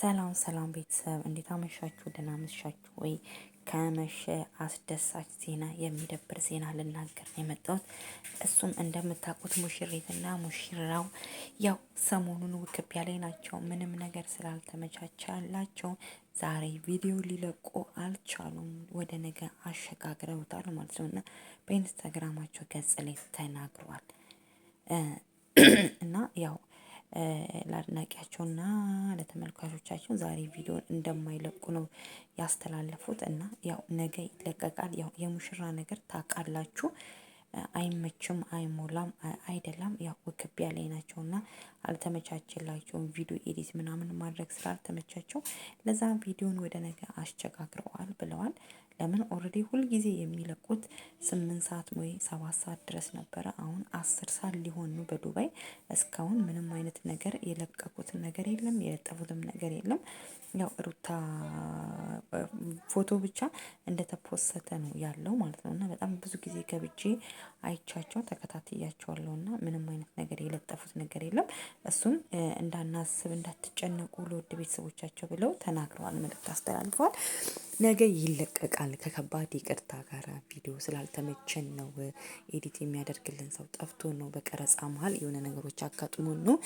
ሰላም ሰላም ቤተሰብ እንዴት አመሻችሁ? ደህና መሻችሁ ወይ? ከመሸ አስደሳች ዜና፣ የሚደብር ዜና ልናገር ነው የመጣሁት። እሱም እንደምታውቁት ሙሽሪትና ሙሽራው ያው ሰሞኑን ውክቢያ ላይ ናቸው። ምንም ነገር ስላልተመቻቻላቸው ዛሬ ቪዲዮ ሊለቁ አልቻሉም። ወደ ነገ አሸጋግረውታል ማለት ነው እና በኢንስታግራማቸው ገጽ ላይ ተናግሯል እና ያው ለአድናቂያቸውና ለተመልካቾቻቸው ዛሬ ቪዲዮን እንደማይለቁ ነው ያስተላለፉት እና ያው ነገ ይለቀቃል። ያው የሙሽራ ነገር ታውቃላችሁ፣ አይመችም፣ አይሞላም፣ አይደላም። ያው ውክቢያ ላይ ናቸውና አልተመቻችላቸውም። ቪዲዮ ኤዲት ምናምን ማድረግ ስላልተመቻቸው ለዛ ቪዲዮን ወደ ነገ አስቸጋግረዋል ብለዋል። ለምን ኦልሬዲ ሁልጊዜ የሚለቁት ስምንት ሰዓት ወይ ሰባት ሰዓት ድረስ ነበረ። አሁን አስር ሰዓት ሊሆን ነው በዱባይ። እስካሁን ምንም አይነት ነገር የለቀቁትም ነገር የለም፣ የለጠፉትም ነገር የለም። ያው ሩታ ፎቶ ብቻ እንደተፖሰተ ነው ያለው ማለት ነው። እና በጣም ብዙ ጊዜ ገብቼ አይቻቸው ተከታትያቸዋለሁ እና ምንም አይነት ነገር የለጠፉት ነገር የለም። እሱም እንዳናስብ እንዳትጨነቁ ለውድ ቤተሰቦቻቸው ብለው ተናግረዋል፣ መልእክት አስተላልፈዋል። ነገ ይለቀቃል። ከከባድ ይቅርታ ጋር ቪዲዮ ስላልተመቸን ነው፣ ኤዲት የሚያደርግልን ሰው ጠፍቶ ነው፣ በቀረጻ መሀል የሆነ ነገሮች አጋጥሞን ነው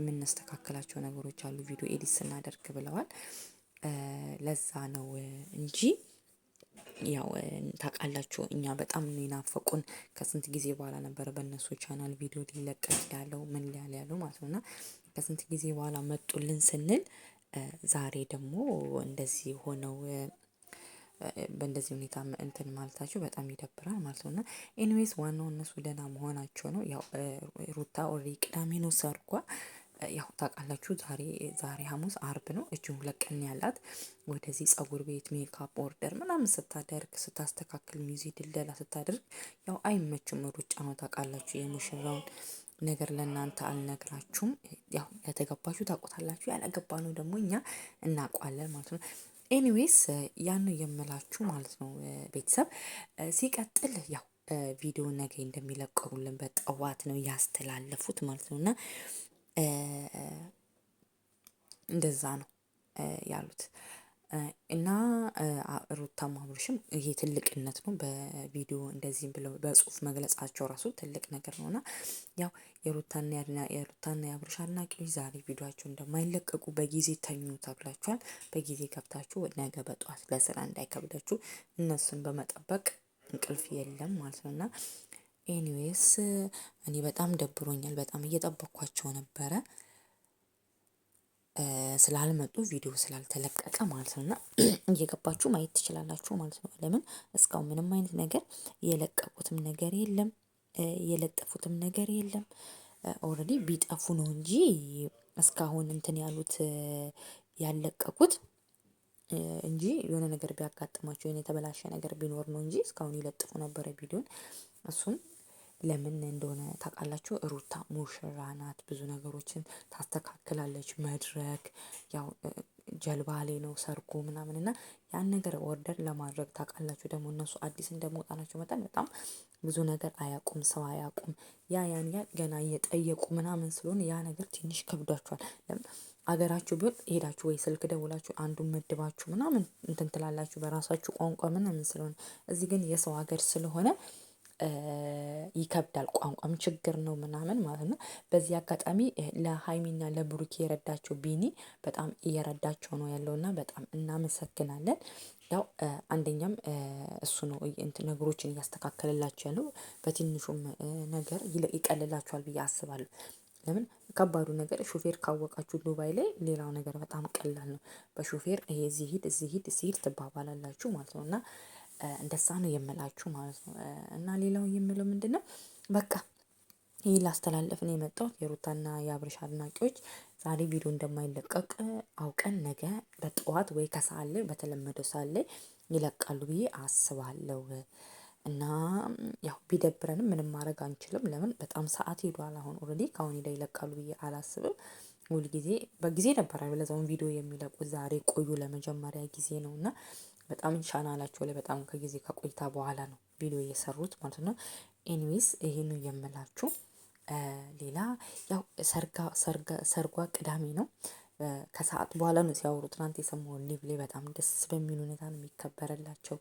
የምናስተካከላቸው ነገሮች አሉ ቪዲዮ ኤዲት ስናደርግ ብለዋል። ለዛ ነው እንጂ ያው ታውቃላችሁ፣ እኛ በጣም ነው የናፈቁን። ከስንት ጊዜ በኋላ ነበረ በእነሱ ቻናል ቪዲዮ ሊለቀቅ ያለው ምን ሊያል ያለው ማለት ነው እና ከስንት ጊዜ በኋላ መጡልን ስንል ዛሬ ደግሞ እንደዚህ ሆነው በእንደዚህ ሁኔታ እንትን ማለታቸው በጣም ይደብራል ማለት ነው። እና ኤኒዌይስ ዋናው እነሱ ደህና መሆናቸው ነው። ያው ሩታ ኦልሬዲ ቅዳሜ ነው ሰርጓ። ያው ታውቃላችሁ ዛሬ ዛሬ ሐሙስ አርብ ነው። እችን ሁለት ቀን ያላት ወደዚህ ጸጉር ቤት ሜካፕ ኦርደር ምናምን ስታደርግ ስታስተካክል ሚዚ ድልደላ ስታደርግ ያው አይመችም። ሩጫ ነው ታውቃላችሁ የሙሽራውን ነገር ለእናንተ አልነግራችሁም። ያው ያተገባችሁ ታውቁታላችሁ፣ ያላገባ ነው ደግሞ እኛ እናውቋለን ማለት ነው። ኤኒዌይስ ያን የምላችሁ ማለት ነው ቤተሰብ። ሲቀጥል ያው ቪዲዮ ነገ እንደሚለቀሩልን በጠዋት ነው ያስተላለፉት ማለት ነው እና እንደዛ ነው ያሉት። እና ሩታም ማብሮሽም ይሄ ትልቅነት ነው። በቪዲዮ እንደዚህም ብለው በጽሁፍ መግለጻቸው ራሱ ትልቅ ነገር ነው እና ያው የሩታና የአብሮሽ አድናቂዎች ዛሬ ቪዲዮቸው እንደማይለቀቁ በጊዜ ተኙ ተብላችኋል። በጊዜ ገብታችሁ ነገ በጠዋት ለስራ እንዳይከብዳችሁ እነሱን በመጠበቅ እንቅልፍ የለም ማለት ነው እና ኤኒዌይስ እኔ በጣም ደብሮኛል። በጣም እየጠበኳቸው ነበረ። ስላልመጡ ቪዲዮ ስላልተለቀቀ ማለት ነው። እና እየገባችሁ ማየት ትችላላችሁ ማለት ነው። ለምን እስካሁን ምንም አይነት ነገር የለቀቁትም ነገር የለም፣ የለጠፉትም ነገር የለም። ኦልሬዲ ቢጠፉ ነው እንጂ እስካሁን እንትን ያሉት ያለቀቁት እንጂ የሆነ ነገር ቢያጋጥማቸው የተበላሸ ነገር ቢኖር ነው እንጂ እስካሁን ይለጥፉ ነበረ ቪዲዮን እሱም ለምን እንደሆነ ታውቃላችሁ? ሩታ ሙሽራ ናት። ብዙ ነገሮችን ታስተካክላለች። መድረክ ያው ጀልባ ላይ ነው ሰርጉ ምናምን እና ያን ነገር ኦርደር ለማድረግ ታውቃላችሁ። ደግሞ እነሱ አዲስ እንደመውጣናቸው መጠን በጣም ብዙ ነገር አያውቁም፣ ሰው አያውቁም። ያ ያን ያ ገና እየጠየቁ ምናምን ስለሆነ ያ ነገር ትንሽ ከብዷቸዋል። አገራችሁ ቢሆን ሄዳችሁ ወይ ስልክ ደውላችሁ አንዱን መድባችሁ ምናምን እንትን ትላላችሁ በራሳችሁ ቋንቋ ምናምን ስለሆነ፣ እዚህ ግን የሰው ሀገር ስለሆነ ይከብዳል። ቋንቋም ችግር ነው ምናምን ማለት ነው። በዚህ አጋጣሚ ለሀይሚና ለብሩኬ የረዳቸው ቢኒ በጣም እየረዳቸው ነው ያለው በጣም እናመሰግናለን። ያው አንደኛም እሱ ነው ነገሮችን እያስተካከለላቸው ያለው በትንሹም ነገር ይቀልላቸዋል ብዬ አስባለሁ። ለምን ከባዱ ነገር ሾፌር ካወቃችሁ ዱባይ ላይ ሌላው ነገር በጣም ቀላል ነው። በሾፌር ይሄ እዚህ ሂድ እዚህ ሂድ እዚህ ሂድ ትባባላላችሁ ማለት ነው እና እንደዛ ነው የምላችሁ ማለት ነው። እና ሌላው የምለው ምንድን ነው በቃ ይህ ላስተላለፍ ነው የመጣሁት። የሩታና የአብርሽ አድናቂዎች ዛሬ ቪዲዮ እንደማይለቀቅ አውቀን ነገ በጠዋት ወይ ከሰዓት ላይ በተለመደው ሰዓት ላይ ይለቃሉ ብዬ አስባለሁ። እና ያው ቢደብረንም ምንም ማድረግ አንችልም። ለምን በጣም ሰዓት ሄዷል። አሁን ኦልሬዲ ከአሁን ሄዳ ይለቃሉ ብዬ አላስብም። ሁልጊዜ በጊዜ ነበር ለዛውን ቪዲዮ የሚለቁት። ዛሬ ቆዩ ለመጀመሪያ ጊዜ ነው እና በጣም ቻናላቸው ላይ በጣም ከጊዜ ከቆይታ በኋላ ነው ቪዲዮ እየሰሩት ማለት ነው። ኤኒዌይስ ይሄን የምላችሁ ሌላ ያው ሰርጓ ቅዳሜ ነው። ከሰዓት በኋላ ነው ሲያወሩ ትናንት የሰማውን ሊቭ ላይ በጣም ደስ በሚል ሁኔታ ነው የሚከበረላቸው።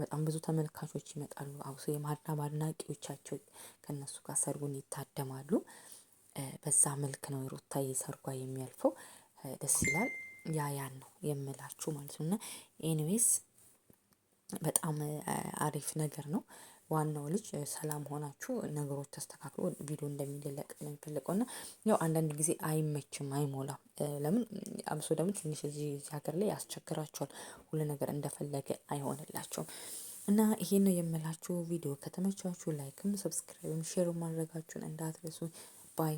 በጣም ብዙ ተመልካቾች ይመጣሉ። አብሶ የማድና አድናቂዎቻቸው ከእነሱ ጋር ሰርጉን ይታደማሉ። በዛ መልክ ነው የሩታዬ ሰርጓ የሚያልፈው። ደስ ይላል። ያ ያን ነው የምላችሁ ማለት ነው። እና ኤኒዌይስ በጣም አሪፍ ነገር ነው። ዋናው ልጅ ሰላም ሆናችሁ ነገሮች ተስተካክሎ ቪዲዮ እንደሚለቀቅ ነው እና ያው አንዳንድ ጊዜ አይመችም፣ አይሞላም። ለምን አብሶ ደግሞ ትንሽ እዚህ ሀገር ላይ ያስቸግራቸዋል። ሁሉ ነገር እንደፈለገ አይሆንላቸውም። እና ይሄ ነው የምላችሁ። ቪዲዮ ከተመቻችሁ ላይክም፣ ሰብስክራይብም፣ ሼር ማድረጋችሁን እንዳትረሱ ባይ